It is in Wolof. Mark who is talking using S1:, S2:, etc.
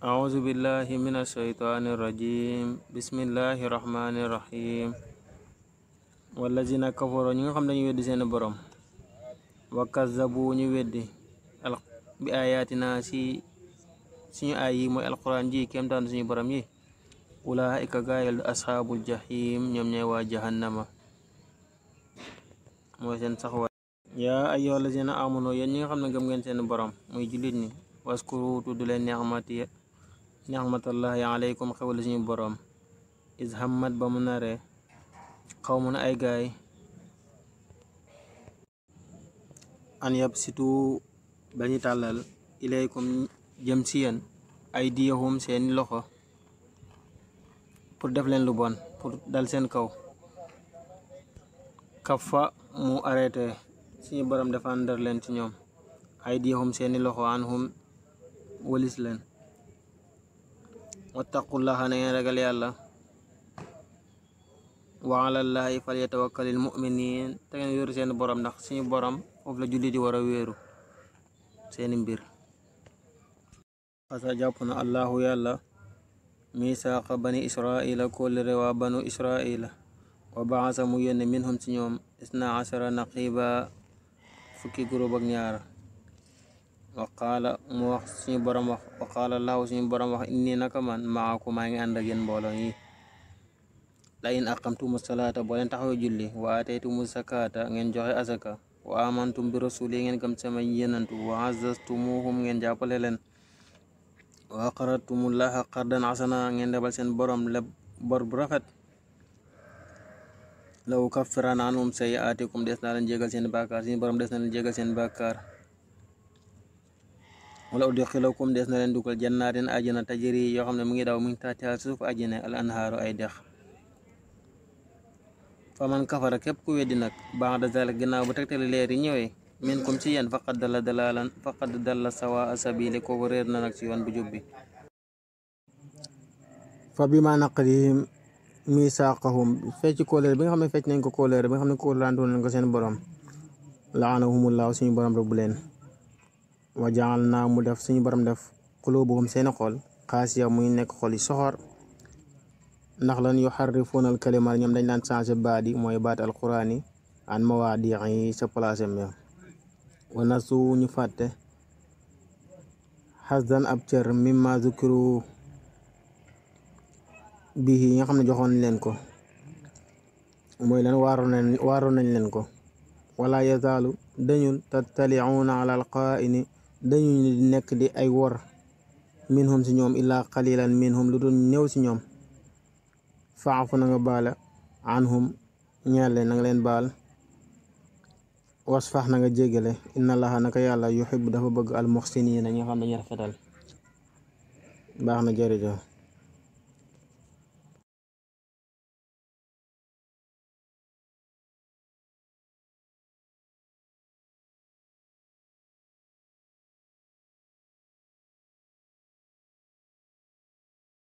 S1: أعوذ بالله من الشيطان الرجيم بسم الله الرحمن الرحيم والذين كفروا ñi nga xam dañu weddi seen borom wa kazzabu ñu weddi bi ayatina si suñu ay yi mooy alquran ji kemtaan suñu borom yi ulaika gaayal ashaabul jahim ñoom ñooy waa jahannama mooy seen saxwa ay ayyuhallazina amanu yéen ñi nga xam ne gëm ngeen seen borom muy jullit ni waskuru tudd leen neexmati nixmatullahi aleykum xewal suñu boroom is hammat ba mu naree xaw mun ay gaay an yab situ ba ñu tàllal ilaykum jëm si yéen ay diyahum seeni loxo pour def leen lu bon pour dal seen kaw kafa mu arrêté suñu boroom dafa ndar leen ci ñoom ay diyahum seeni loxo an hum wëlis leen wattaqullaha na ngeen ragal yàlla wa alallahi falyatawakkalil mu'minin te ngeen wéeru seen borom ndax suñu borom foofu la julli di war a wéeru seeni mbir xasa jàpp na allahu yàlla misaaqa bani israila kóllëre waa banu israila wa baasa mu yónne minhum ci ñoom isna ashara naqiba fukki gurub ak ñaara wa qaala mu wax suñu borom wax wa qaala laahu suñu borom wax inni naka man maakum maa ngi ànd ak yéen mbooloo yi la in aqamtumu salaata boo leen taxaw julli wa aataytumu zakaata ngeen joxe azaka wa amantum bi rasuli ngeen gëm sama yenantu wa azastumuhum ngeen jàppale leen wa aqradtumullaha qardan xasana ngeen lebal seen borom leb bor bu rafet law kaffirana anhum sayyi'aatikum des na leen jégal seen bàkkaar suñu borom des na leen jégal seen wala udxilakum des na leen dugal jannaatin ajjana tajri yoo xam ne mu ngi daw mu ngi tàccal suuf ajjana al anhaaru ay dex fa man kafara képp ku weddi nag ba'da zalik ginnaaw bu tegtali leer yi ñëwee minkum ci yéen faqad dalla dalalan faqad dalla sawaa sabili kooku réer na nag ci yoon bu jub bi fa bima naqdihim misaaqahum fecc kóoleer bi nga xam ne fecc nañ ko kóoleer bi nga xam ne kóoleer antoon nañ ko seen borom laanahumullahu suñu borom rëbb leen wa jaal naa mu def suñu borom def xuluubuhum seeni xol xaasiya muy nekk xol yi soxor ndax lan yu xarrifuuna al kalima ñoom dañ daan changé baat yi mooy baat alquraan yi an mawaadi yi sa place am yow wana su ñu fàtte xasdan ab cër mimma zukiru bii yi nga xam ne joxoon leen ko mooy lan waaroon nañ nañ leen ko wala yazaalu dañul tattaliuuna ala alqaa'ini dañu nekk di ay wor minhum si ñoom illaa qalilan minhum lu dul néew si ñoom faafu na nga baala anhum ñeel leen na leen baal wasfax na nga jéggale na allaha naka yàlla yuhibbu dafa bëgg al muxsiniina ñi nga xam dañuy rafetal baax na jërëjëf